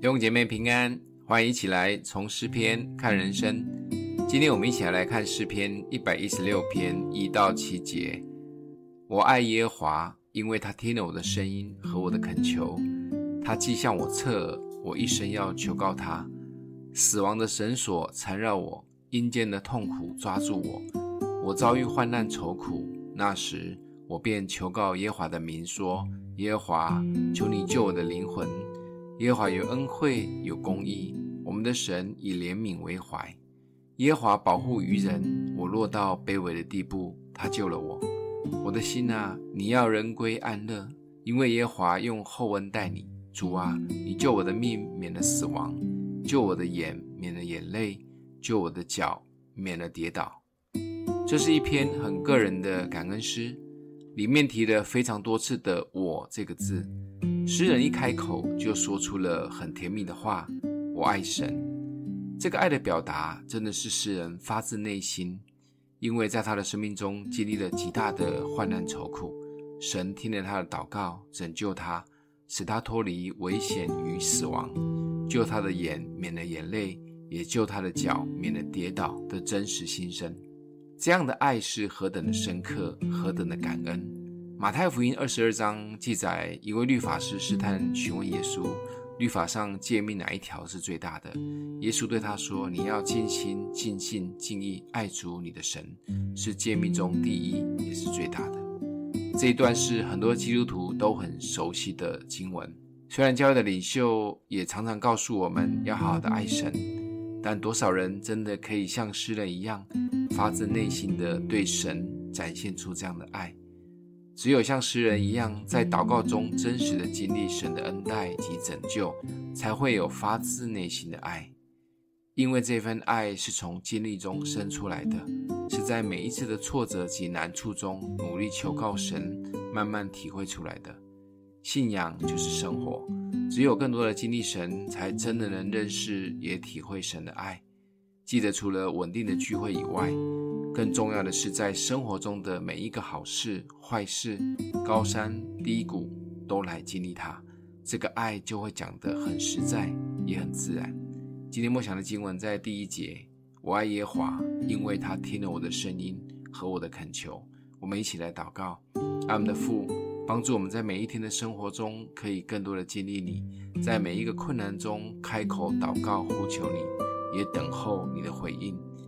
弟兄姐妹平安，歡迎一起來從詩篇看人生。今天我們一起來，來看詩篇一百一十六篇一到七節。我愛耶和華，因為他聽了我的聲音和我的懇求。他既向我側耳，我一生要求告他。死亡的繩索纏繞我，陰間的痛苦抓住我。我遭遇患難愁苦，那時我便求告耶和華的名說：“耶和華，求你救我的靈魂。”耶和華有恩惠，有公義，我們的神以憐憫為懷。耶和華保護愚人，我落到卑微的地步，他救了我。我的心啊，你要仍歸安樂，因為耶和華用厚恩待你。主啊，你救我的命免了死亡，救我的眼免了眼淚，救我的腳免了跌倒。這是一篇很個人的感恩詩，裡面提了非常多次的“我”這個字。詩人一開口就說出了很甜蜜的話：“我愛神。”這個愛的表達真的是詩人發自內心，因為在他的生命中經歷了極大的患難愁苦，神聽了他的禱告，拯救他，使他脫離危險與死亡，救他的眼免了眼淚，也救他的腳免了跌倒的真實心聲。這樣的愛是何等的深刻，何等的感恩。馬太福音二十二章記載，一位律法師試探詢問耶穌，律法上誡命哪一條是最大的？耶穌對他說：“你要盡心、盡性、盡意愛主你的神，是誡命中第一，也是最大的。”這一段是很多基督徒都很熟悉的經文。雖然教會的領袖也常常告訴我們要好好的愛神，但多少人真的可以像詩人一樣，發自內心的對神展現出這樣的愛？只有像詩人一樣，在禱告中真實的經歷神的恩待及拯救，才會有發自內心的愛。因為這份愛是從經歷中生出來的，是在每一次的挫折及難處中努力求告神，慢慢體會出來的。信仰就是生活，只有更多的經歷神，才真的能認識也體會神的愛。記得除了穩定的聚會以外，更重要的是，在生活中的每一個好事、壞事、高山、低谷，都來經歷它，這個愛就會講得很實在，也很自然。今天默想的經文在第一節：“我愛耶和華，因為他聽了我的聲音和我的懇求。”我們一起來禱告，愛我們的父，幫助我們在每一天的生活中，可以更多的經歷你，在每一個困難中開口禱告、呼求你，也等候你的回應。